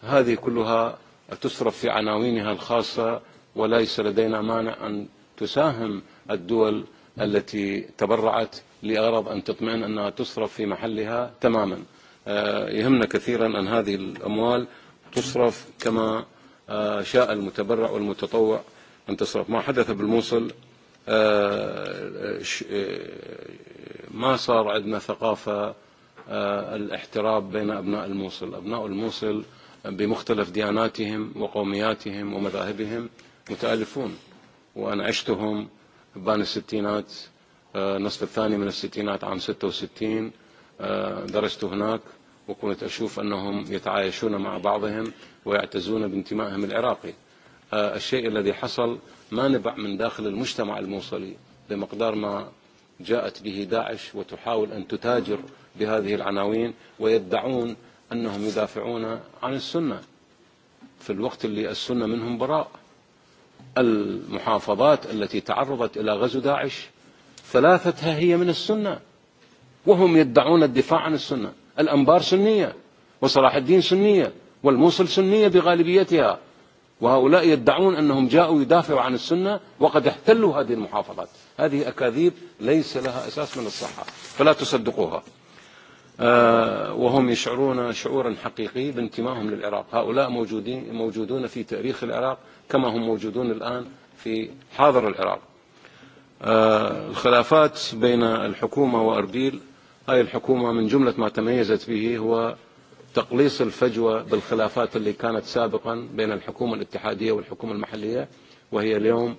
هذه كلها تصرف في عناوينها الخاصة وليس لدينا مانع أن تساهم الدول التي تبرعت لأغرض أن تطمئن أنها تصرف في محلها تماما يهمنا كثيرا أن هذه الأموال تصرف كما شاء المتبرع والمتطوع أن تصرف ما حدث بالموصل ما صار عندنا ثقافة الاحتراب بين أبناء الموصل أبناء الموصل بمختلف دياناتهم وقومياتهم ومذاهبهم متألفون وأنا عشتهم بان الستينات نصف الثاني من الستينات عام 66 درست هناك وكنت أشوف أنهم يتعايشون مع بعضهم ويعتزون بانتمائهم العراقي الشيء الذي حصل ما نبع من داخل المجتمع الموصلي بمقدار ما جاءت به داعش وتحاول أن تتاجر بهذه العناوين ويدعون أنهم يدافعون عن السنة في الوقت اللي السنة منهم براء المحافظات التي تعرضت إلى غزو داعش ثلاثتها هي من السنة وهم يدعون الدفاع عن السنة الأنبار سنية وصلاح الدين سنية والموصل سنية بغالبيتها وهؤلاء يدعون أنهم جاءوا يدافعوا عن السنة وقد احتلوا هذه المحافظات هذه أكاذيب ليس لها أساس من الصحة فلا تصدقوها وهم يشعرون شعورا حقيقي بانتمائهم للعراق هؤلاء موجودين موجودون في تاريخ العراق كما هم موجودون الآن في حاضر العراق الخلافات بين الحكومة وأربيل هاي الحكومة من جملة ما تميزت به هو تقليص الفجوة بالخلافات اللي كانت سابقا بين الحكومة الاتحادية والحكومة المحلية وهي اليوم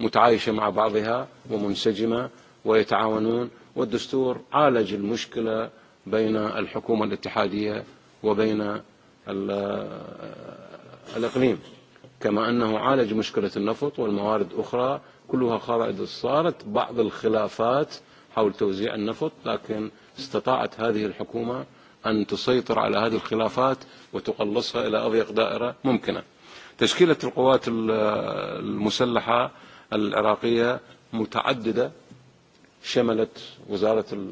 متعايشة مع بعضها ومنسجمة ويتعاونون والدستور عالج المشكلة بين الحكومة الاتحادية وبين الإقليم كما أنه عالج مشكلة النفط والموارد أخرى كلها خرج صارت بعض الخلافات حول توزيع النفط لكن استطاعت هذه الحكومة أن تسيطر على هذه الخلافات وتقلصها إلى أضيق دائرة ممكنة تشكيلة القوات المسلحة العراقية متعددة شملت وزارة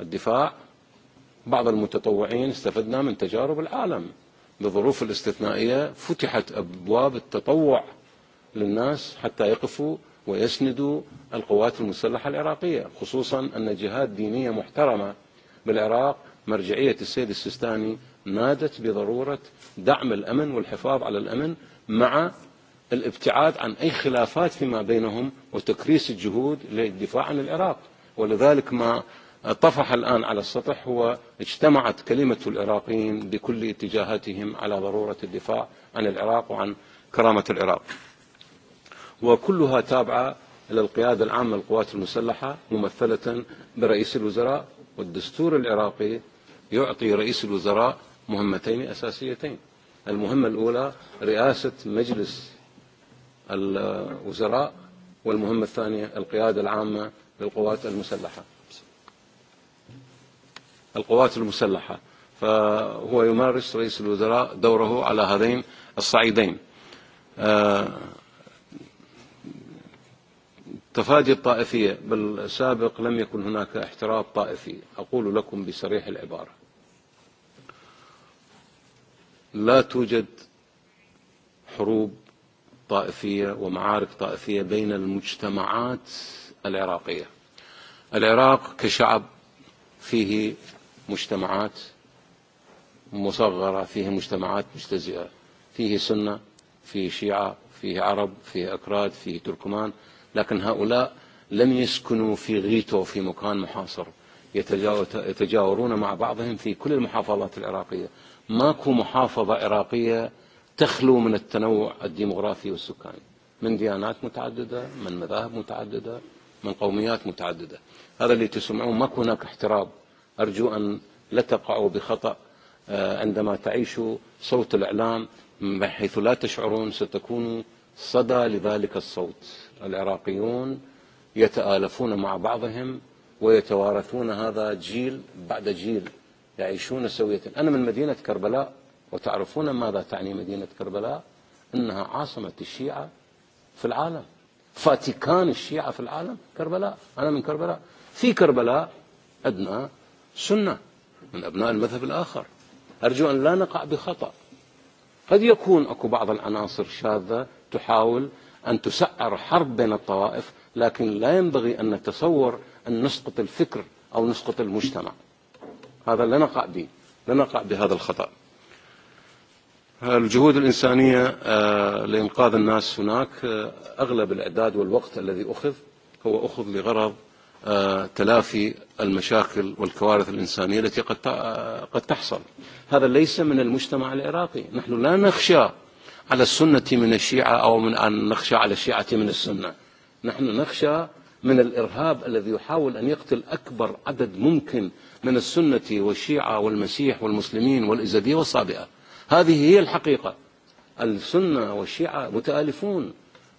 الدفاع بعض المتطوعين استفدنا من تجارب العالم بظروف الاستثنائية فتحت أبواب التطوع للناس حتى يقفوا ويسند القوات المسلحة العراقية خصوصا أن جهات دينية محترمة بالعراق مرجعية السيد السيستاني نادت بضرورة دعم الأمن والحفاظ على الأمن مع الابتعاد عن أي خلافات فيما بينهم وتكريس الجهود للدفاع عن العراق ولذلك ما طفح الآن على السطح هو اجتمعت كلمة العراقيين بكل اتجاهاتهم على ضرورة الدفاع عن العراق وعن كرامة العراق وكلها تابعة إلى القيادة العامة للقوات المسلحة ممثلة برئيس الوزراء والدستور العراقي يعطي رئيس الوزراء مهمتين أساسيتين المهمة الأولى رئاسة مجلس الوزراء والمهمة الثانية القيادة العامة للقوات المسلحة القوات المسلحة فهو يمارس رئيس الوزراء دوره على هذين الصعيدين تفادي الطائفية بالسابق لم يكن هناك احتراف طائفي أقول لكم بصريح العبارة لا توجد حروب طائفية ومعارك طائفية بين المجتمعات العراقية العراق كشعب فيه مجتمعات مصغرة فيه مجتمعات مجتزئة فيه سنة فيه شيعة فيه عرب فيه أكراد فيه تركمان لكن هؤلاء لم يسكنوا في غيتو في مكان محاصر يتجاورون مع بعضهم في كل المحافظات العراقية ماكو محافظة عراقية تخلو من التنوع الديمغرافي والسكاني من ديانات متعددة من مذاهب متعددة من قوميات متعددة هذا اللي تسمعون ماكو هناك احتراب أرجو أن لا تقعوا بخطأ عندما تعيشوا صوت الإعلام حيث لا تشعرون ستكونوا صدى لذلك الصوت العراقيون يتآلفون مع بعضهم ويتوارثون هذا جيل بعد جيل يعيشون سوية أنا من مدينة كربلاء وتعرفون ماذا تعني مدينة كربلاء إنها عاصمة الشيعة في العالم فاتيكان الشيعة في العالم كربلاء أنا من كربلاء في كربلاء أدنى سنة من أبناء المذهب الآخر أرجو أن لا نقع بخطأ قد يكون أكو بعض العناصر شاذة تحاول أن تسعر حرب بين الطوائف لكن لا ينبغي أن نتصور أن نسقط الفكر أو نسقط المجتمع هذا لا نقع به لا نقع بهذا الخطأ الجهود الإنسانية لإنقاذ الناس هناك أغلب الإعداد والوقت الذي أخذ هو أخذ لغرض تلافي المشاكل والكوارث الإنسانية التي قد قد تحصل هذا ليس من المجتمع العراقي نحن لا نخشى على السنة من الشيعة أو من أن نخشى على الشيعة من السنة نحن نخشى من الإرهاب الذي يحاول أن يقتل أكبر عدد ممكن من السنة والشيعة والمسيح والمسلمين والإزدية والصابئة هذه هي الحقيقة السنة والشيعة متآلفون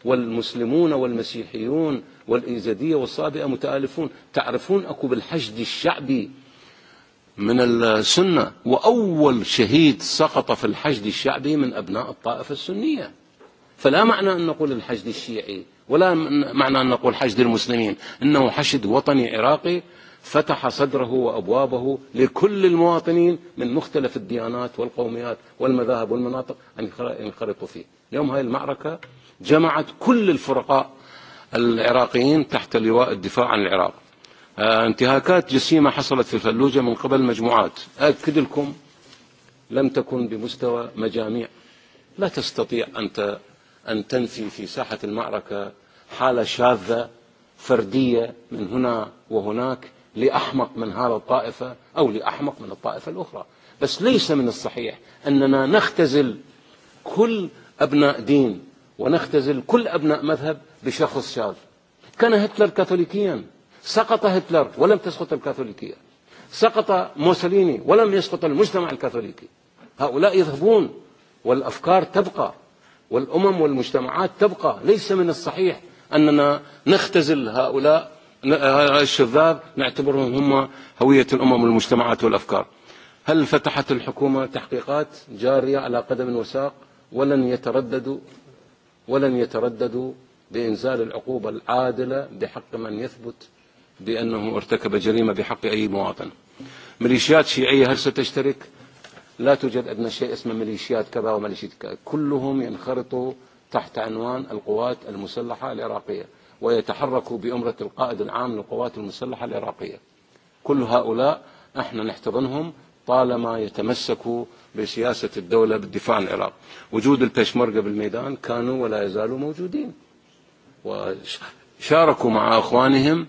والمسلمون والمسيحيون والإيزدية والصابئة متآلفون تعرفون أكو بالحشد الشعبي من السنة وأول شهيد سقط في الحشد الشعبي من أبناء الطائفة السنية فلا معنى أن نقول الحشد الشيعي ولا معنى أن نقول حشد المسلمين إنه حشد وطني عراقي فتح صدره وأبوابه لكل المواطنين من مختلف الديانات والقوميات والمذاهب والمناطق أن ينخرطوا فيه اليوم هاي المعركة جمعت كل الفرقاء العراقيين تحت لواء الدفاع عن العراق انتهاكات جسيمة حصلت في الفلوجة من قبل مجموعات أكد لكم لم تكن بمستوى مجاميع لا تستطيع أن أن تنفي في ساحة المعركة حالة شاذة فردية من هنا وهناك لأحمق من هذا الطائفة أو لأحمق من الطائفة الأخرى بس ليس من الصحيح أننا نختزل كل أبناء دين ونختزل كل أبناء مذهب بشخص شاذ كان هتلر كاثوليكيا سقط هتلر ولم تسقط الكاثوليكية سقط موسوليني ولم يسقط المجتمع الكاثوليكي هؤلاء يذهبون والأفكار تبقى والأمم والمجتمعات تبقى ليس من الصحيح أننا نختزل هؤلاء الشذاب نعتبرهم هم هوية الأمم والمجتمعات والأفكار هل فتحت الحكومة تحقيقات جارية على قدم وساق ولن يترددوا ولن يترددوا بإنزال العقوبة العادلة بحق من يثبت بأنه ارتكب جريمة بحق أي مواطن ميليشيات شيعية هل ستشترك لا توجد أدنى شيء اسمه ميليشيات كذا وميليشيات كذا كلهم ينخرطوا تحت عنوان القوات المسلحة العراقية ويتحركوا بأمرة القائد العام للقوات المسلحة العراقية كل هؤلاء احنا نحتضنهم طالما يتمسكوا بسياسة الدولة بالدفاع عن العراق وجود البشمركة بالميدان كانوا ولا يزالوا موجودين وشاركوا مع أخوانهم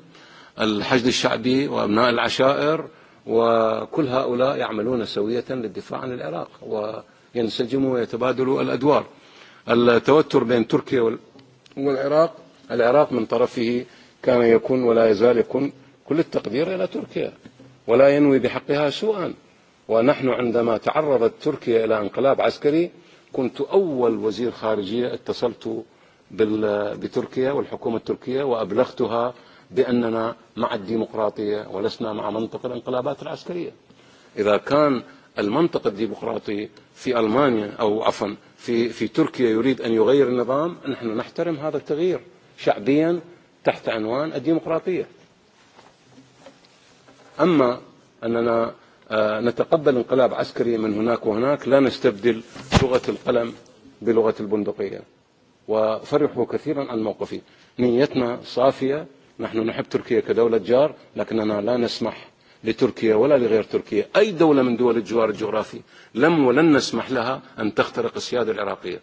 الحشد الشعبي وأبناء العشائر وكل هؤلاء يعملون سوية للدفاع عن العراق وينسجموا ويتبادلوا الأدوار التوتر بين تركيا والعراق العراق من طرفه كان يكون ولا يزال يكون كل التقدير إلى تركيا ولا ينوي بحقها سوءا ونحن عندما تعرضت تركيا إلى انقلاب عسكري كنت أول وزير خارجية اتصلت بتركيا والحكومة التركية وأبلغتها بأننا مع الديمقراطية ولسنا مع منطق الانقلابات العسكرية إذا كان المنطق الديمقراطي في ألمانيا أو عفوا في, في تركيا يريد أن يغير النظام نحن نحترم هذا التغيير شعبيا تحت عنوان الديمقراطية أما أننا نتقبل انقلاب عسكري من هناك وهناك لا نستبدل لغة القلم بلغة البندقية وفرحوا كثيرا عن موقفي نيتنا صافية نحن نحب تركيا كدولة جار لكننا لا نسمح لتركيا ولا لغير تركيا أي دولة من دول الجوار الجغرافي لم ولن نسمح لها أن تخترق السيادة العراقية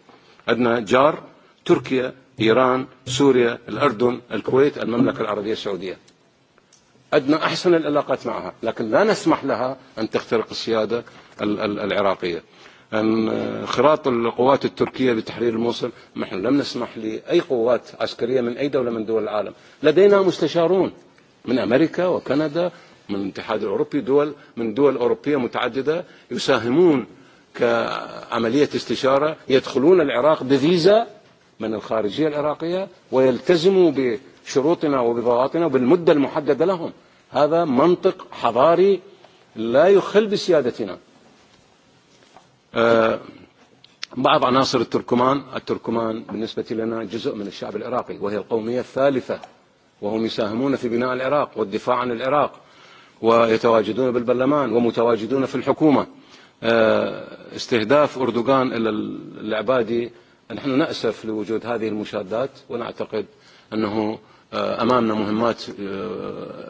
عندنا جار تركيا إيران سوريا الأردن الكويت المملكة العربية السعودية عندنا أحسن العلاقات معها لكن لا نسمح لها أن تخترق السيادة العراقية انخراط القوات التركية بتحرير الموصل نحن لم نسمح لأي قوات عسكرية من أي دولة من دول العالم لدينا مستشارون من أمريكا وكندا من الاتحاد الأوروبي دول من دول أوروبية متعددة يساهمون كعملية استشارة يدخلون العراق بفيزا من الخارجية العراقية ويلتزموا بشروطنا وبضوابطنا وبالمدة المحددة لهم هذا منطق حضاري لا يخل بسيادتنا بعض عناصر التركمان التركمان بالنسبة لنا جزء من الشعب العراقي وهي القومية الثالثة وهم يساهمون في بناء العراق والدفاع عن العراق ويتواجدون بالبرلمان ومتواجدون في الحكومة استهداف أردوغان إلى العبادي نحن نأسف لوجود هذه المشادات ونعتقد أنه أمامنا مهمات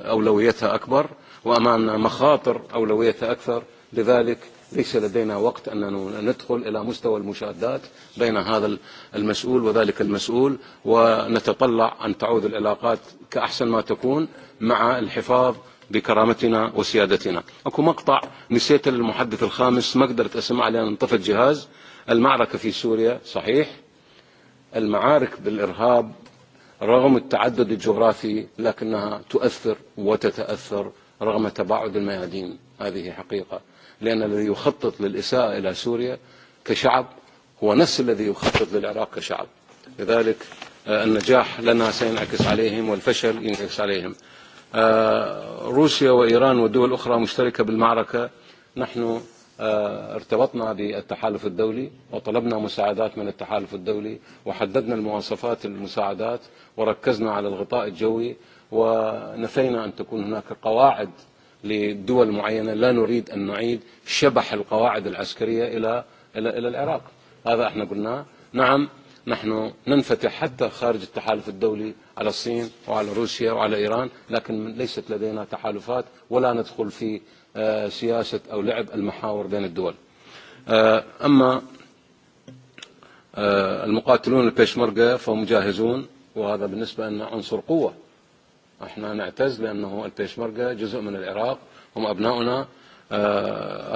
أولويتها أكبر وأمامنا مخاطر أولويتها أكثر لذلك ليس لدينا وقت أن ندخل إلى مستوى المشادات بين هذا المسؤول وذلك المسؤول ونتطلع أن تعود العلاقات كأحسن ما تكون مع الحفاظ بكرامتنا وسيادتنا أكو مقطع نسيت للمحدث الخامس ما قدرت أسمع لأن انطفى الجهاز المعركة في سوريا صحيح المعارك بالإرهاب رغم التعدد الجغرافي لكنها تؤثر وتتأثر رغم تباعد الميادين هذه حقيقة لأن الذي يخطط للإساءة إلى سوريا كشعب هو نفس الذي يخطط للعراق كشعب لذلك النجاح لنا سينعكس عليهم والفشل ينعكس عليهم روسيا وإيران والدول الأخرى مشتركة بالمعركة نحن ارتبطنا بالتحالف الدولي وطلبنا مساعدات من التحالف الدولي وحددنا المواصفات المساعدات وركزنا على الغطاء الجوي ونفينا أن تكون هناك قواعد لدول معينة لا نريد أن نعيد شبح القواعد العسكرية إلى إلى إلى العراق هذا احنا قلناه نعم نحن ننفتح حتى خارج التحالف الدولي على الصين وعلى روسيا وعلى إيران لكن ليست لدينا تحالفات ولا ندخل في سياسة أو لعب المحاور بين الدول أما المقاتلون البيشمركة فهم جاهزون وهذا بالنسبة أن عنصر قوة احنا نعتز لانه البيشمركة جزء من العراق هم ابناؤنا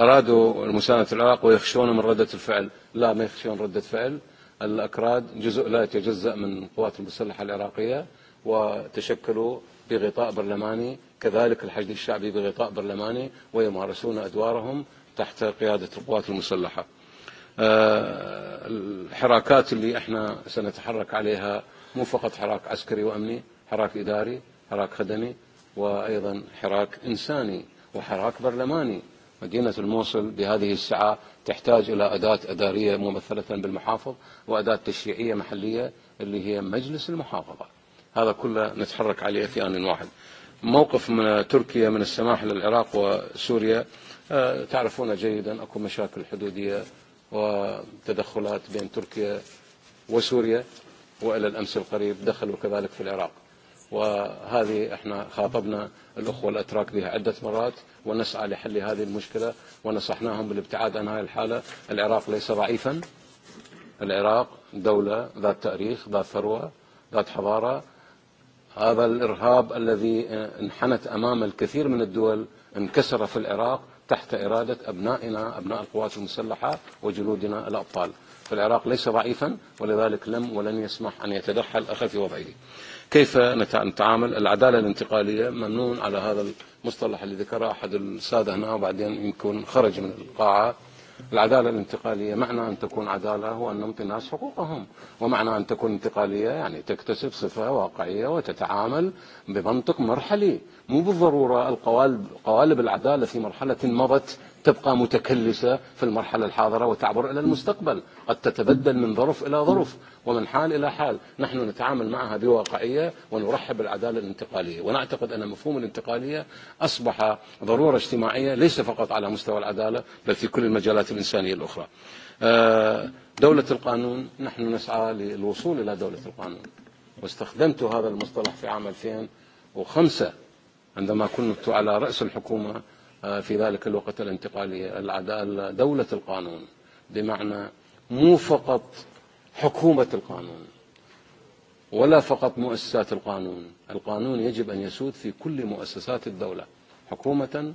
ارادوا مساندة العراق ويخشون من ردة الفعل لا ما يخشون ردة فعل الاكراد جزء لا يتجزأ من القوات المسلحة العراقية وتشكلوا بغطاء برلماني كذلك الحشد الشعبي بغطاء برلماني ويمارسون ادوارهم تحت قيادة القوات المسلحة الحراكات اللي احنا سنتحرك عليها مو فقط حراك عسكري وامني حراك اداري حراك خدمي وأيضا حراك إنساني وحراك برلماني مدينة الموصل بهذه الساعة تحتاج إلى أداة أدارية ممثلة بالمحافظ وأداة تشريعية محلية اللي هي مجلس المحافظة هذا كله نتحرك عليه في آن واحد موقف من تركيا من السماح للعراق وسوريا تعرفون جيدا أكو مشاكل حدودية وتدخلات بين تركيا وسوريا وإلى الأمس القريب دخلوا كذلك في العراق وهذه احنا خاطبنا الاخوه الاتراك بها عده مرات ونسعى لحل هذه المشكله ونصحناهم بالابتعاد عن هذه الحاله، العراق ليس ضعيفا العراق دولة ذات تاريخ ذات ثروة ذات حضارة هذا الإرهاب الذي انحنت أمام الكثير من الدول انكسر في العراق تحت إرادة أبنائنا أبناء القوات المسلحة وجنودنا الأبطال فالعراق ليس ضعيفا ولذلك لم ولن يسمح أن يتدخل أخذ في وضعه كيف نتعامل العدالة الانتقالية ممنون على هذا المصطلح اللي ذكره أحد السادة هنا وبعدين يكون خرج من القاعة العدالة الانتقالية معنى أن تكون عدالة هو أن نعطي الناس حقوقهم ومعنى أن تكون انتقالية يعني تكتسب صفة واقعية وتتعامل بمنطق مرحلي مو بالضرورة القوالب قوالب العدالة في مرحلة مضت تبقى متكلسة في المرحلة الحاضرة وتعبر إلى المستقبل قد تتبدل من ظرف إلى ظرف ومن حال إلى حال نحن نتعامل معها بواقعية ونرحب بالعدالة الانتقالية ونعتقد أن مفهوم الانتقالية أصبح ضرورة اجتماعية ليس فقط على مستوى العدالة بل في كل المجالات الإنسانية الأخرى دولة القانون نحن نسعى للوصول إلى دولة القانون واستخدمت هذا المصطلح في عام 2005 عندما كنت على رأس الحكومة في ذلك الوقت الانتقالي دولة القانون بمعنى مو فقط حكومة القانون ولا فقط مؤسسات القانون القانون يجب أن يسود في كل مؤسسات الدولة حكومة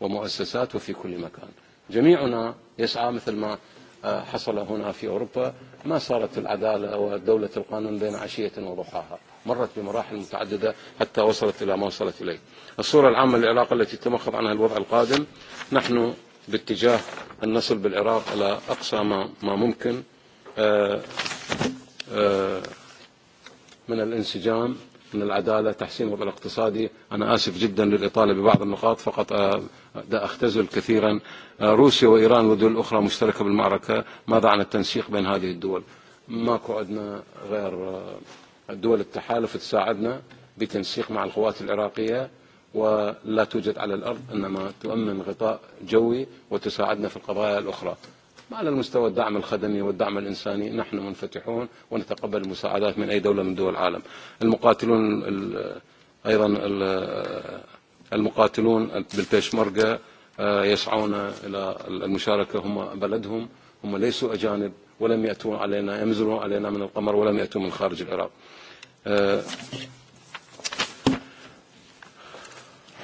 ومؤسسات وفي كل مكان جميعنا يسعى مثل ما حصل هنا في أوروبا ما صارت العدالة ودولة القانون بين عشية وضحاها مرت بمراحل متعددة حتى وصلت إلى ما وصلت إليه الصورة العامة للعراق التي تمخض عنها الوضع القادم نحن باتجاه أن نصل بالعراق إلى أقصى ما, ما ممكن من الانسجام من العدالة تحسين الوضع الاقتصادي أنا آسف جدا للإطالة ببعض النقاط فقط دا أختزل كثيرا روسيا وإيران ودول أخرى مشتركة بالمعركة ماذا عن التنسيق بين هذه الدول ماكو عندنا غير دول التحالف تساعدنا بتنسيق مع القوات العراقية ولا توجد على الأرض إنما تؤمن غطاء جوي وتساعدنا في القضايا الأخرى على المستوى الدعم الخدمي والدعم الإنساني نحن منفتحون ونتقبل المساعدات من أي دولة من دول العالم المقاتلون أيضا المقاتلون بالبيشمركة يسعون إلى المشاركة هم بلدهم هم ليسوا أجانب ولم يأتوا علينا يمزلون علينا من القمر ولم يأتوا من خارج العراق Uh,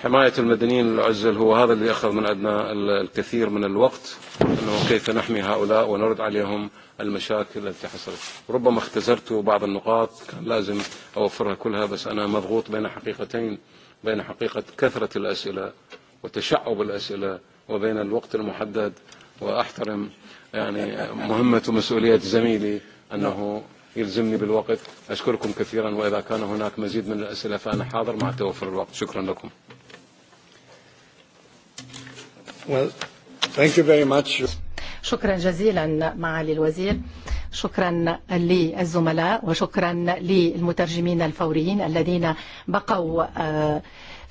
حماية المدنيين العزل هو هذا اللي أخذ من أدنى الكثير من الوقت أنه كيف نحمي هؤلاء ونرد عليهم المشاكل التي حصلت ربما اختزرت بعض النقاط كان لازم أوفرها كلها بس أنا مضغوط بين حقيقتين بين حقيقة كثرة الأسئلة وتشعب الأسئلة وبين الوقت المحدد وأحترم يعني مهمة ومسؤولية زميلي أنه يلزمني بالوقت أشكركم كثيرا وإذا كان هناك مزيد من الأسئلة فأنا حاضر مع توفر الوقت شكرا لكم well, thank you very much. شكرا جزيلا معالي الوزير شكرا للزملاء وشكرا للمترجمين الفوريين الذين بقوا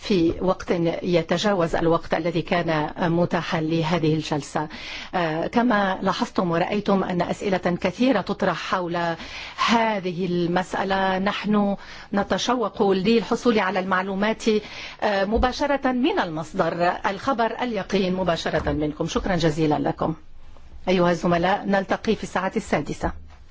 في وقت يتجاوز الوقت الذي كان متاحا لهذه الجلسة كما لاحظتم ورأيتم أن أسئلة كثيرة تطرح حول هذه المسألة نحن نتشوق للحصول على المعلومات مباشرة من المصدر الخبر اليقين مباشرة منكم شكرا جزيلا لكم أيها الزملاء نلتقي في الساعة السادسة